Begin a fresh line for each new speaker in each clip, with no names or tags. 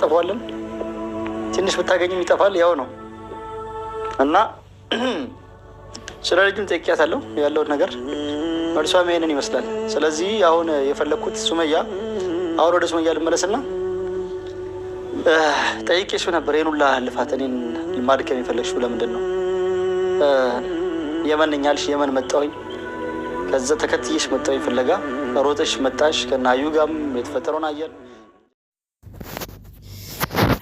እናጠፋዋለን። ትንሽ ብታገኝም ይጠፋል። ያው ነው እና ስለ ልጁም ጠይቄያታለሁ ያለውን ነገር መልሷም ይሄንን ይመስላል። ስለዚህ አሁን የፈለግኩት ሱመያ አሁን ወደ ሱመያ ልመለስና ጠይቄሽ ነበር ይሄን ሁላ ልፋት እኔን ማድከም የፈለግሽው ለምንድን ነው? የመን ነኝ አልሽ። የመን መጣሁኝ። ከዛ ተከትዬሽ መጣሁኝ ፍለጋ ሮጠሽ መጣሽ። ከናዩ አዩ ጋርም የተፈጠረውን አየን።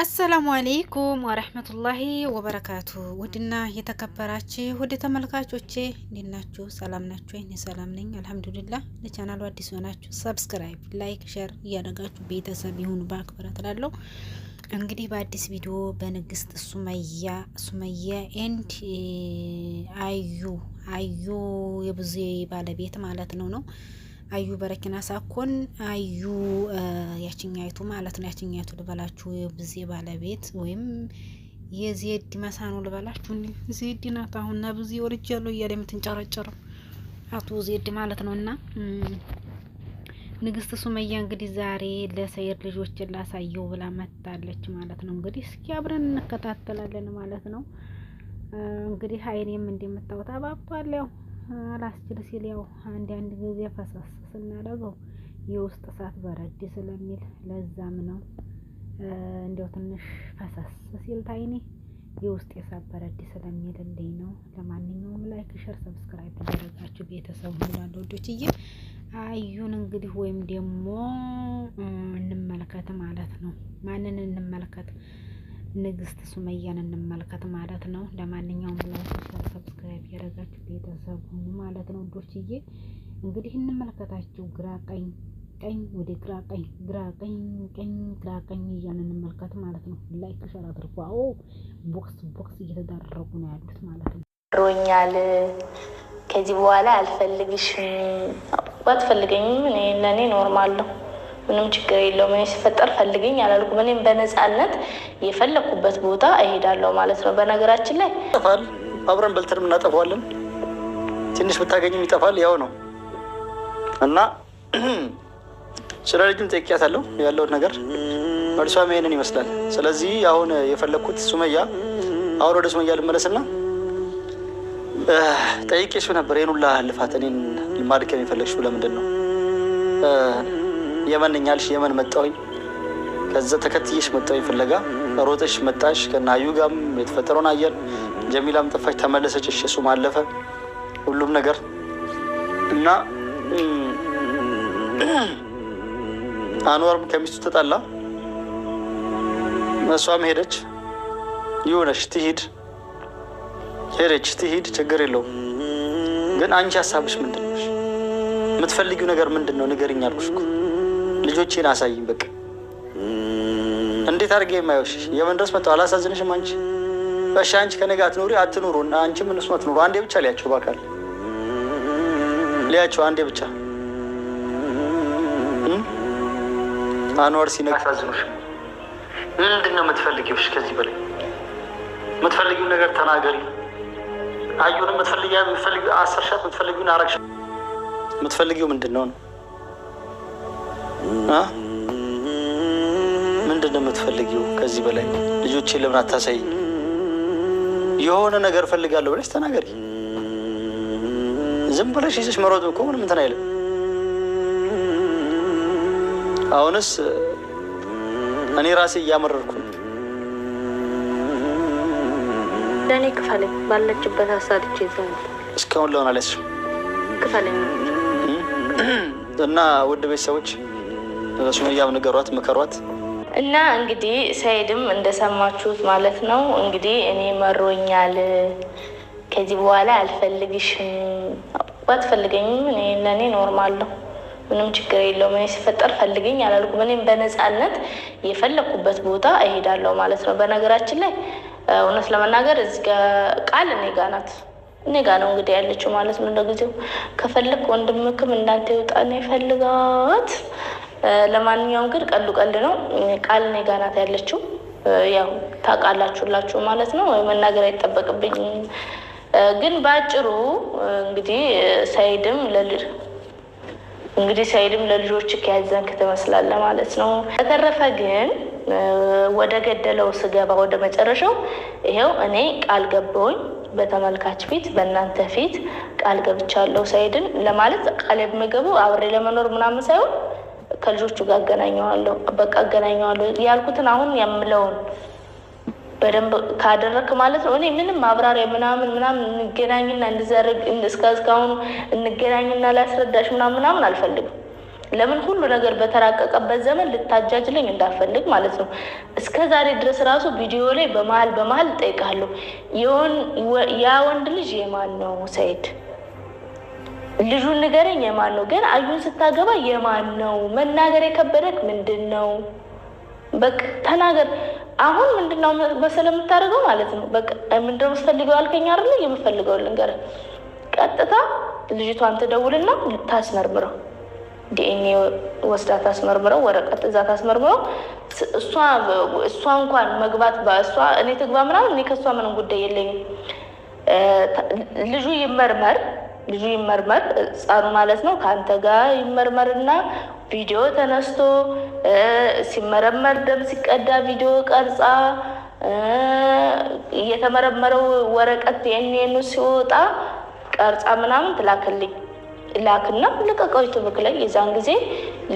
አሰላሙ አሌይኩም ወረህመቱላሂ ወበረካቱ። ውድና የተከበራችሁ ውድ ተመልካቾቼ እንዴት ናችሁ? ሰላም ናችሁ? እኔ ሰላም ነኝ አልሐምዱሊላህ። ለቻናሉ አዲስ ሆናችሁ ሰብስክራይብ፣ ላይክ፣ ሸር እያደረጋችሁ ቤተሰብ ይሁኑ በአክብሮት እላለሁ። እንግዲህ በአዲስ ቪዲዮ በንግስት ሱመያ ሱመያ ኤንድ አዩ አዩ የብዙ ባለቤት ማለት ነው ነው አዩ በረኪና ሳኮን አዩ ያችኛይቱ ማለት ነው። ያችኛይቱ ልበላችሁ ብዜ ባለቤት ወይም የዜድ መሳ ነው ልበላችሁ። ዜድ ናት አሁን እና ብዙ ወርጅ ያለው እያለ የምትንጨረጨረው አቶ ዜድ ማለት ነው። እና ንግስት ሱመያ እንግዲህ ዛሬ ለሰይድ ልጆችን ላሳየው ብላ መታለች ማለት ነው። እንግዲህ እስኪ አብረን እንከታተላለን ማለት ነው። እንግዲህ ሀይኔም እንደምታወጣ ባባል ያው አላስችል ሲል ያው አንድ ጊዜ ፈሰስ ስናደርገው የውስጥ እሳት በረድ ስለሚል ለዛም ነው እንደው ትንሽ ፈሰስ ሲል ታይኔ የውስጥ የእሳት በረድ ስለሚልልኝ ነው። ለማንኛውም ላይክ፣ ሸር፣ ሰብስክራይብ ያደረጋችሁ ቤተሰብ እንዳለ ወዶችዬ አዩን እንግዲህ ወይም ደግሞ እንመልከት ማለት ነው። ማንን እንመልከት? ንግስት ሱመያን እንመልከት ማለት ነው። ለማንኛውም ላይክ እያደረጋችሁ ቤተሰብ ሁኑ ማለት ነው ውዶችዬ። እንግዲህ እንመልከታችሁ ግራ ቀኝ ቀኝ ወደ ግራ ቀኝ ግራ ቀኝ ቀኝ ግራ ቀኝ እያን እንመልከት ማለት ነው። ላይክ ሸር አድርጎ አዎ፣ ቦክስ ቦክስ እየተዳረጉ ነው ያሉት ማለት
ነው። ሮኛል ከዚህ በኋላ አልፈልግሽም፣ ባትፈልገኝም ለእኔ ኖርማል ነው፣ ምንም ችግር የለውም። እኔ ሲፈጠር ፈልገኝ አላልኩም። እኔም በነፃነት የፈለግኩበት ቦታ እሄዳለሁ ማለት ነው። በነገራችን
ላይ አብረን በልተን እናጠፋዋለን። ትንሽ ብታገኝም ይጠፋል። ያው ነው እና ስለ ልጅም ጠይቄያታለሁ ያለውን ነገር መልሷም ይሄንን ይመስላል። ስለዚህ አሁን የፈለግኩት ሱመያ አሁን ወደ ሱመያ ልመለስና ጠይቄሽ ነበር። ይሄን ሁላ ልፋት እኔን ማድከም የፈለግሽው ለምንድን ነው? የመን እኛልሽ የመን መጣሁኝ፣ ከዛ ተከትዬሽ መጣሁኝ ፍለጋ ሮጠሽ መጣሽ። ከናዩ ጋም የተፈጠረውን አየን። ጀሚላም ጠፋች፣ ተመለሰች። እሺ እሱም አለፈ ሁሉም ነገር እና አንዋርም ከሚስቱ ተጣላ፣ እሷም ሄደች። ይሁነሽ ትሂድ፣ ሄደች ትሂድ፣ ችግር የለውም። ግን አንቺ ሀሳብሽ ምንድን የምትፈልጊው ነገር ምንድን ነው? ንገሪኝ አልኩሽ እኮ ልጆቼን አሳይኝ። በቃ እንዴት አድርጌ የማይወሽ የመንድረስ መጥተው አላሳዝንሽም አንቺ እሺ አንቺ ከነጋ አትኑሪ አትኑሩ እና አንቺም እነሱ አትኑሩ። አንዴ ብቻ ሊያቸው ባካል ሊያቸው አንዴ ብቻ አንዋር ሲነግ ምንድን ነው የምትፈልጊው? እሺ ከዚህ በላይ የምትፈልጊው ነገር ተናገሪ። አዩን የምትፈልጊ የምትፈልጊ አሰርሻት ሻት የምትፈልጊውን አረግሻ የምትፈልጊው ምንድን ነው ነው? ምንድን ነው የምትፈልጊው ከዚህ በላይ ልጆቼ ለምን አታሳይኝ? የሆነ ነገር ፈልጋለሁ ብለሽ ተናገሪ። ዝም ብለሽ ይዘሽ መሮጥ እኮ ምንም እንትን አይልም። አሁንስ እኔ ራሴ
እያመረርኩ ለእኔ ክፈለኝ ባለችበት አሳድቼ ዘ
እስካሁን ለሆን አለች ክፈለኝ እና ውድ ቤተሰቦች ሱመያም ንገሯት፣ ምከሯት።
እና እንግዲህ ሰይድም እንደሰማችሁት ማለት ነው። እንግዲህ እኔ መሮኛል፣ ከዚህ በኋላ አልፈልግሽም፣ ባትፈልገኝም እኔ ለእኔ ኖርማል ነው፣ ምንም ችግር የለውም። እኔ ሲፈጠር ፈልገኝ አላልኩ። እኔም በነፃነት የፈለግኩበት ቦታ እሄዳለሁ ማለት ነው። በነገራችን ላይ እውነት ለመናገር እዚህ ቃል እኔ ጋ ናት እኔ ጋ ነው እንግዲህ ያለችው ማለት ነው። ለጊዜው ከፈለግ ወንድምክም እንዳንተ ይውጣ ነው የፈልጋት ለማንኛውም ግን ቀሉ ቀልድ ነው። ቃል እኔ ጋር ናት ያለችው ያው ታውቃላችሁላችሁ ማለት ነው። መናገር አይጠበቅብኝም። ግን በአጭሩ እንግዲህ ሳይድም ለልድ እንግዲህ ሳይድም ለልጆች ከያዘንክ ትመስላለህ ማለት ነው። በተረፈ ግን ወደ ገደለው ስገባ ወደ መጨረሻው ይሄው እኔ ቃል ገባሁኝ በተመልካች ፊት በእናንተ ፊት ቃል ገብቻለሁ። ሳይድን ለማለት ቃል የምገቡ አብሬ ለመኖር ምናምን ሳይሆን ከልጆቹ ጋር አገናኘዋለሁ። በቃ አገናኘዋለሁ ያልኩትን አሁን የምለውን በደንብ ካደረክ ማለት ነው። እኔ ምንም ማብራሪያ ምናምን ምናምን እንገናኝና እንድዘርግ እስካሁን እንገናኝና ላስረዳሽ ምናምን ምናምን አልፈልግም። ለምን ሁሉ ነገር በተራቀቀበት ዘመን ልታጃጅለኝ እንዳፈልግ ማለት ነው። እስከ ዛሬ ድረስ ራሱ ቪዲዮ ላይ በመሀል በመሀል እጠይቃለሁ ያ ወንድ ልጅ የማን ነው ሰይድ ልጁን ንገረኝ የማን ነው? ግን አዩን ስታገባ የማን ነው? መናገር የከበደት ምንድን ነው? በቃ ተናገር። አሁን ምንድን ነው መሰለ የምታደርገው ማለት ነው። በቃ ምንድን ነው የምትፈልገው አልከኝ አይደለ? የምፈልገው ልንገር፣ ቀጥታ ልጅቷን ትደውልና ታስመርምረው፣ ዲኤንኤ ወስዳ ታስመርምረው፣ ወረቀት እዛ ታስመርምረው። እሷ እሷ እንኳን መግባት በእሷ እኔ ትግባ ምናምን፣ እኔ ከእሷ ምንም ጉዳይ የለኝም። ልጁ ይመርመር ልጁ ይመርመር፣ ህፃኑ ማለት ነው። ከአንተ ጋር ይመርመርና ቪዲዮ ተነስቶ ሲመረመር ደም ሲቀዳ ቪዲዮ ቀርጻ እየተመረመረው ወረቀት የኔኑ ሲወጣ ቀርጻ ምናምን ትላክልኝ። ላክና ልቀቀው ዩቱብክ ላይ። የዛን ጊዜ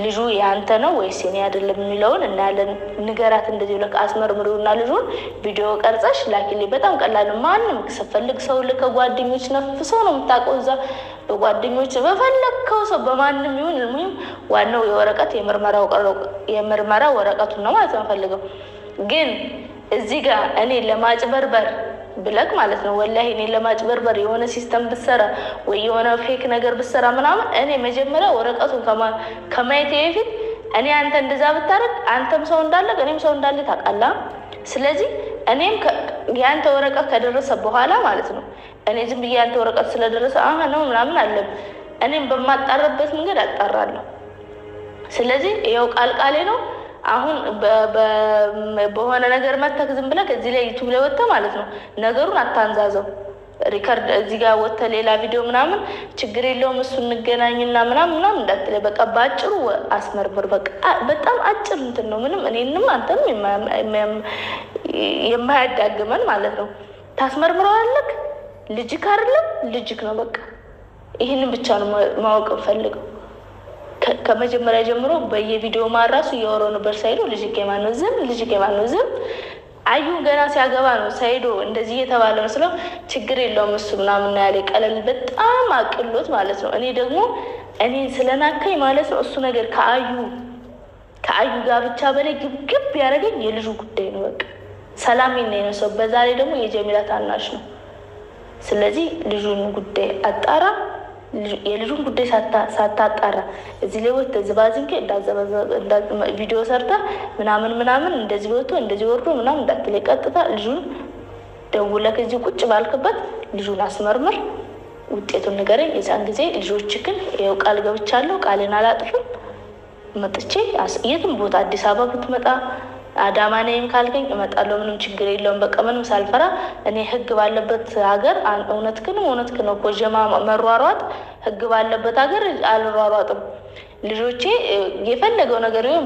ልጁ የአንተ ነው ወይስ የኔ አይደለም የሚለውን እናያለን። ንገራት እንደዚህ ብለህ አስመርምሪውና ልጁን ቪዲዮ ቀርጸሽ ላኪልኝ። በጣም ቀላል። ማንም ስፈልግ ሰው ልከ ጓደኞች ነፍ ሰው ነው የምታውቀው እዛ በጓደኞች በፈለግከው ሰው በማንም ይሁን ሙም ዋናው የወረቀት የምርመራ ወረቀቱን ነው ማለት ነው ፈልገው ግን እዚህ ጋር እኔ ለማጭበርበር ብለክ ማለት ነው። ወላሂ እኔ ለማጭበርበር የሆነ ሲስተም ብሰራ ወይ የሆነ ፌክ ነገር ብሰራ ምናምን እኔ መጀመሪያ ወረቀቱን ከማየቴ በፊት እኔ አንተ እንደዛ ብታደርግ አንተም ሰው እንዳለ እኔም ሰው እንዳለ ታውቃላ። ስለዚህ እኔም የአንተ ወረቀት ከደረሰ በኋላ ማለት ነው እኔ ዝም ብዬ ወረቀት ስለደረሰ አ ነው ምናምን አለም እኔም በማጣራበት መንገድ አጣራለሁ። ስለዚህ ይኸው ቃል ቃሌ ነው። አሁን በሆነ ነገር መተክ ዝም ብለህ ከዚህ ላይ ዩቱብ ላይ ወጥተህ ማለት ነው ነገሩን አታንዛዘው። ሪከርድ እዚህ ጋር ወጥተህ ሌላ ቪዲዮ ምናምን ችግር የለውም እሱ እንገናኝና ምናምን ምናምን እንዳትለኝ። በቃ በአጭሩ አስመርምር። በቃ በጣም አጭር እንትን ነው ምንም እኔንም አንተም የማያዳግመን ማለት ነው። ታስመርምረዋለህ። ልጅክ አይደለም ልጅክ ነው። በቃ ይህንን ብቻ ነው ማወቅ እንፈልገው። ከመጀመሪያ ጀምሮ በየቪዲዮ ማራሱ እያወራው ነበር። ሳይዶ ልጅ ማን ነው ዝም ልጅ ማን ነው ዝም አዩ ገና ሲያገባ ነው ሳይዶ እንደዚህ የተባለ መስለው ችግር የለውም እሱ ምናምን ያለ ቀለል በጣም አቅሎት ማለት ነው። እኔ ደግሞ እኔ ስለናከኝ ማለት ነው እሱ ነገር ከአዩ ከአዩ ጋር ብቻ በላይ ግብግብ ያደረገኝ የልጁ ጉዳይ ነው። በቃ ሰላም ነ ነው ሰው በዛሬ ደግሞ የጀሚላ ታናሽ ነው። ስለዚህ ልጁን ጉዳይ አጣራ የልጁን ጉዳይ ሳታጣራ እዚህ ላይ ወጥተህ ዝባዝንኬ ቪዲዮ ሰርታ ምናምን ምናምን እንደዚህ ወጥቶ እንደዚህ ወርዶ ምናምን እንዳትለኝ፣ ቀጥታ ልጁን ደውለህ እዚህ ቁጭ ባልክበት ልጁን አስመርምር፣ ውጤቱን ንገረኝ። የዛን ጊዜ ልጆች ግን ይኸው ቃል ገብቻለሁ፣ ቃልን አላጥፍም፣ መጥቼ የትም ቦታ አዲስ አበባ ብትመጣ አዳማ ነይም ካልገኝ እመጣለሁ። ምንም ችግር የለውም። በቃ ምንም ሳልፈራ እኔ ህግ ባለበት ሀገር እውነትህን እውነትህን ነው ኮጀማ መሯሯጥ ህግ ባለበት ሀገር አልሯሯጥም። ልጆቼ የፈለገው ነገር ቢሆን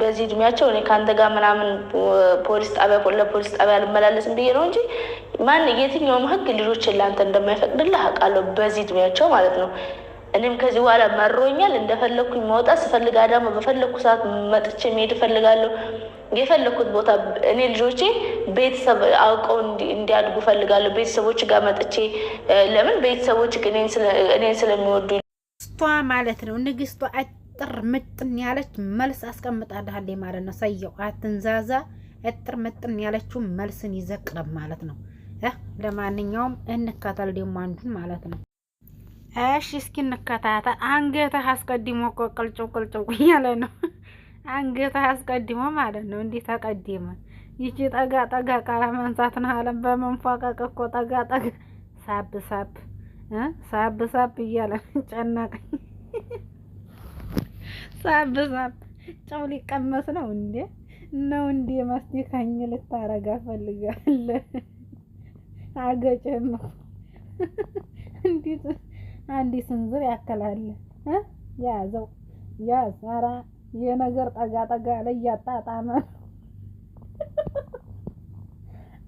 በዚህ እድሜያቸው እኔ ከአንተ ጋር ምናምን ፖሊስ ጣቢያ ለፖሊስ ጣቢያ አልመላለስም ብዬ ነው እንጂ ማን የትኛውም ህግ ልጆችን ለአንተ እንደማይፈቅድልህ አውቃለሁ። በዚህ እድሜያቸው ማለት ነው። እኔም ከዚህ በኋላ መሮኛል። እንደፈለግኩኝ መውጣት ስፈልግ አዳማ በፈለግኩ ሰዓት መጥቼ መሄድ እፈልጋለሁ። የፈለግኩት ቦታ እኔ ልጆቼ ቤተሰብ አውቀው እንዲያድጉ እፈልጋለሁ። ቤተሰቦች ጋር መጥቼ ለምን ቤተሰቦች እኔን ስለሚወዱ
ስቷ ማለት ነው። ንግስቷ እጥር ምጥን ያለች መልስ አስቀምጣልሃለች ማለት ነው። ሰየው አትንዛዛ። እጥር ምጥን ያለችው መልስን ይዘቅረብ ማለት ነው። ለማንኛውም እንካታል ደግሞ አንዱን ማለት ነው። እሺ እስኪ እንከታተል። አንገትህ አስቀድሞ እኮ ቅልጭው ቅልጭው እያለ ነው። አንገትህ አስቀድሞ ማለት ነው። እንዲህ ተቀድመ ይቺ ጠጋ ጠጋ ቃለ መንሳት ነው አለም በመንፏቀቅ እኮ ጠጋ ጠጋ ሳብ ሳብ ሳብ ሳብ እያለ ጨነቀኝ። ሳብ ሳብ ጨው ሊቀመስ ነው እንዴ? ነው እንዴ? ማስቲካኝ ልታረጋ ፈልጋለህ? አገጭህ ነው አንዲ ስንዝር ያከላል ያዘው ያዝ። ኧረ የነገር ጠጋ ጠጋ ላይ እያጣጣመ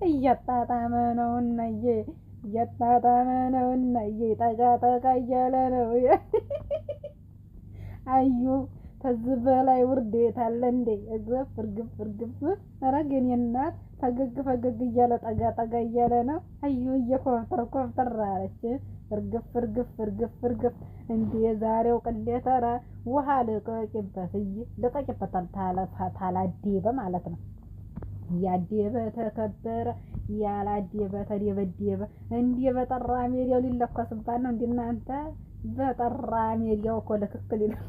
እያጣጣመ ነው እናዬ እያጣጣመ ነው እናዬ ጠጋ ጠጋ እያለ ነው አዩ ከዚህ በላይ ውርዴት አለ እንዴ? እግረፍ እርግፍ እርግፍ። ኧረ ግን እናት ፈገግ ፈገግ እያለ ጠጋ ጠጋ እያለ ነው። አዩ እየኮፍተር ኮፍተር አለች። እርግፍ እርግፍ እርግፍ እርግፍ። እንዲ የዛሬው ቅሌት! ኧረ ውሃ ልቀቂበት፣ እይ ልቀቂበት። ታላዴበ ማለት ነው ያዴበ ተከበረ ያላዴበ ተደበደበ። እንዲ በጠራ ሜዲያው ሊለኮስባት ነው። እንደ እናንተ በጠራ ሜዲያው እኮ ልክክል ይላል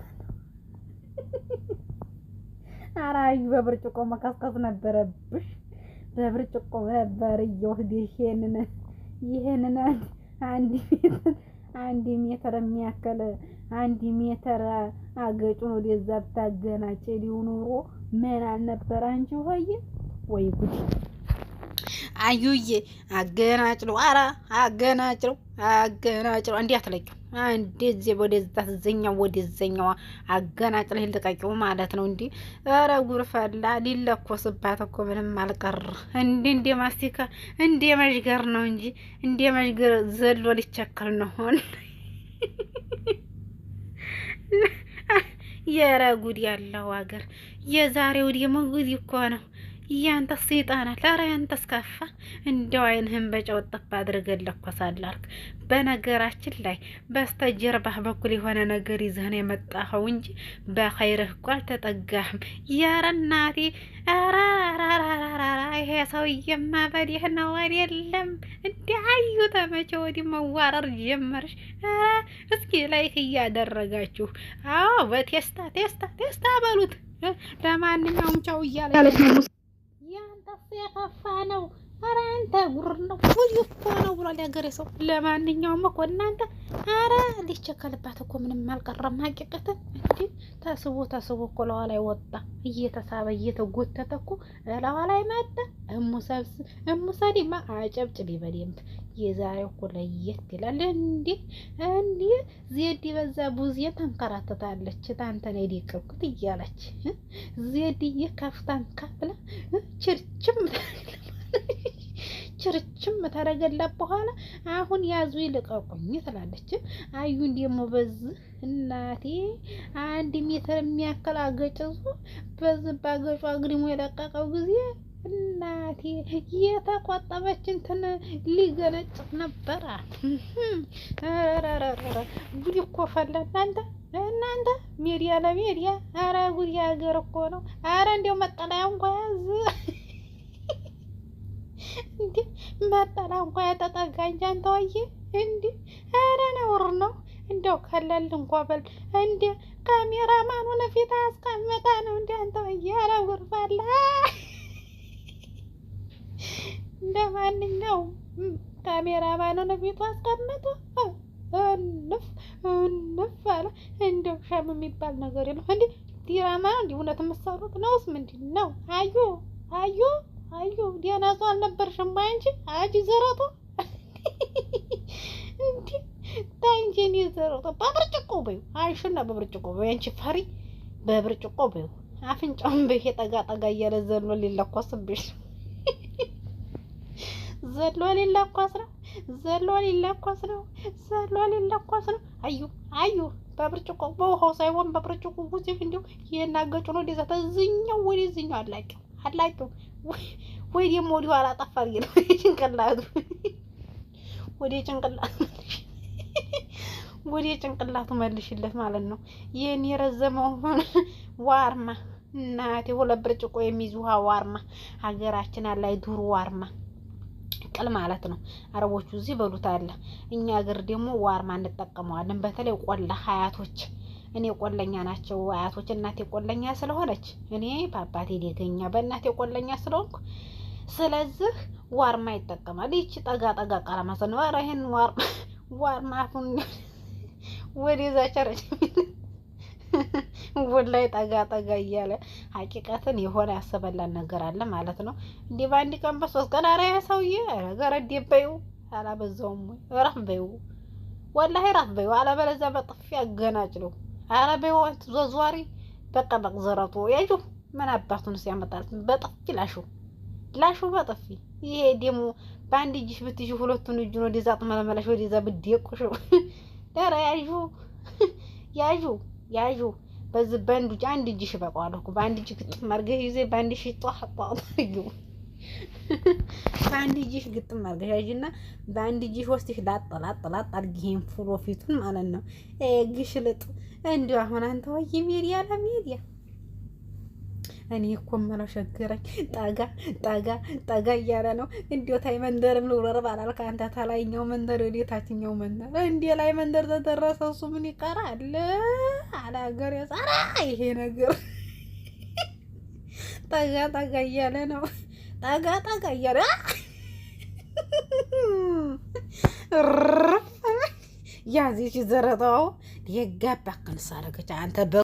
ኧረ አዩ በብርጭቆ መቀስቀስ ነበረብሽ። በብርጭቆ ነበር እየወስድ ይሄንን ይሄንን አንድ ሜትር አንድ ሜትር የሚያክል አንድ ሜትር አገጩን ወደዛ ብታገናጭ ሊሆን ኖሮ ምን አልነበረ አንቺ ሆይ ወይ ጉድ አዩዬ አገናጭለው፣ አራ አገናጭለው፣ አገናጭለው እንዲህ አትለቂው። እንደዚህ ወደዛ ዘኛው ወደዘኛዋ አገናጭለው ልቀቂው ማለት ነው። እንዲህ ኧረ ጉርፈላ ሊለኮስባት እኮ ምንም አልቀር። እንዲ እንደ ማስቲካ እንደ መዥገር ነው እንጂ እንደ መዥገር ዘሎ ሊቸክል ነው ሆን የረ ያለው አገር የዛሬው ደግሞ ጉድ እኮ ነው። እያንተስ ይጣናል። ኧረ ያንተስ ከፋ። እንደው አይንህን በጨው ጥፍ አድርገህ ለኮሳላልክ። በነገራችን ላይ በስተጀርባህ በኩል የሆነ ነገር ይዘህን የመጣኸው እንጂ በኸይርህ እኮ አልተጠጋህም። ኧረ እናቴ ራራራራራራ ይሄ ሰውዬማ በዲህ ነው አይደለም እንዲ አዩ ተመቸ ወዲህ መዋረር ጀመርሽ። እስኪ ላይክ እያደረጋችሁ አዎ፣ በቴስታ ቴስታ ቴስታ በሉት። ለማንኛውም ቻው እያለች ነው። Sarah Fanel ኧረ አንተ ጉር ነው ጉድ እኮ ነው ብሏል ያገሬ ሰው። ለማንኛውም እኮ እናንተ ኧረ ሊቸከልባት እኮ ምንም አልቀረም። ሀቂቀት እንዲ ተስቦ ተስቦ እኮ ለዋ ወጣ፣ እየተሳበ እየተጎተተ እኮ ለዋ ላይ መጣ። እሙሰብስ እሙሰዲማ አጨብጭብ በደምብ የዛሬው እኮ ለየት ይላል። እንዲ እንዲ ዜድ በዛ ቡዜን ተንከራተታለች። ታንተን የደቀብኩት እያለች ዜድዬ ከፍታን ከፍላ ችርችም ችርችም ተረገላት በኋላ አሁን ያዙ ይልቀቁኝ ትላለች። አዩን ደግሞ በዚህ እናቴ አንድ ሜትር የሚያክል አገጭዙ በዚህ ባገጩ አግድሞ የለቀቀው ጊዜ እናቴ የተቆጠበች እንትን ሊገነጭ ነበር። ረረረረ ጉድ እኮ ፈላ እናንተ እናንተ ሜዲያ ለሜዲያ አረ ጉድ የሀገር እኮ ነው። አረ እንዲያው መጠለያ እንኳ ያዝ እንዲ መጠላ እንኳ ያጠጠጋኝ እንጂ ወዬ እንዲ ኧረ ነውር ነው። እንደው ከለል እንኳ በል እንዲ ካሜራማኑ ለፊት አስቀምጣ ነው እንዲ አንተ ወዬ ኧረ ጉርፋላ እንደ ማንኛውም ካሜራማኑ ለፊቱ አስቀምጦ እንፍ እንፍ አለ። እንደው ሸም የሚባል ነገር የለም። እንዲ ዲራማ እንዲ እውነት የምትሰሩት ነውስ ምንድን ነው? አዩ አዩ አዩ ዲያናቱ አልነበርሽም እንጂ አጂ ዘረጦ እንዴ ታንጂ እኔ ዘረጦ በብርጭቆ በይው አይሽና በብርጭቆ በይው አንቺ ፈሪ በብርጭቆ በይው አፍንጫውን በይሄ ጠጋ ጠጋ እያለ ዘሎ ሊለኳስብሽ ዘሎ ሊለኳስ ነው ዘሎ ሊለኳስ ነው ዘሎ ሊለኳስ ነው አዩ አዩ በብርጭቆ በውሃው ሳይሆን በብርጭቆ ውስጥ እንዲሁ ይሄን አገጩ ነው እንደዛ ተዝኛው ወደዝኛው አላውቅም አላይቶ ወይ ደግሞ ወዲሁ አላጠፋ ነው ጭንቅላቱ ወደ ጭንቅላቱ ወደ ጭንቅላቱ መልሽለት ማለት ነው። ይህን የረዘመውን ዋርማ እናቴ ሁለት ብርጭቆ የሚይዝ ውሃ ዋርማ ሀገራችን አላይ ዱር ዋርማ ቅል ማለት ነው። አረቦቹ እዚህ በሉት አለ። እኛ ሀገር ደግሞ ዋርማ እንጠቀመዋለን። በተለይ ቆላ ሀያቶች እኔ ቆለኛ ናቸው አያቶች። እናቴ ቆለኛ ስለሆነች እኔ በአባቴ ደገኛ በእናቴ ቆለኛ ስለሆንኩ ስለዚህ ዋርማ ይጠቀማል። ይቺ ጠጋ ጠጋ ቃላማ ሰንባራ ይህን ዋርማ አፉን ወደዛ ቸረች ወላይ ጠጋ ጠጋ እያለ ሀቂቀትን የሆነ ያሰበላን ነገር አለ ማለት ነው። እንዲህ በአንድ ቀን በሶስት ቀን አራያ ሰውዬ ገረዴ በይው አላበዛውም ወይ ራፍ በይው ወላሂ ራፍ በይው አለበለዚያ በጥፊ አገናጭለው። አረ በህይወት ዘዟሪ በቀበቅ ዘረቶ ያዩ ምን አባቱን ሲያመጣት በጥፊ ላሹ ላሹ በጥፊ ይሄ ደግሞ በአንድ እጅሽ ብትይሽ ሁለቱን እጁን ወደዛ ጥመለመለሽ ወደዛ ብትደቁሽ ኧረ ያዩ ያዩ ያዩ በዚህ በአንዱ አንድ እጅሽ በቋለኩ በአንድ እጅ ግጥም አድርገሽ ይዜ በአንድ እጅ ጧ ጧ በአንድ እጅሽ ግጥም አድርገሽ እና በአንድ እጅሽ ወስደሽ ላጥ ላጥ ላጥ አድርጊ። ፍሮ ፊቱን ማለት ነው ግሽልጥ። እንዲሁ አሁን አንተ ወይ ሚዲያ ለሚዲያ እኔ እኮ የምለው ሸገረኝ። ጠጋ ጠጋ ጠጋ እያለ ነው። እንዲሁ ታይ መንደርም ልውረር ባላል አንተ ታላይኛው መንደር ወደ ታችኛው መንደር እንዲህ ላይ መንደር ተደረሰ። እሱ ምን ይቀራል? አለ ሀገር ያጻራ ይሄ ነገር ጠጋ ጠጋ እያለ ነው። ጠጋ ጠጋ እያለ ያዚች ዘረታው የጋባ ክንሳረገች አንተ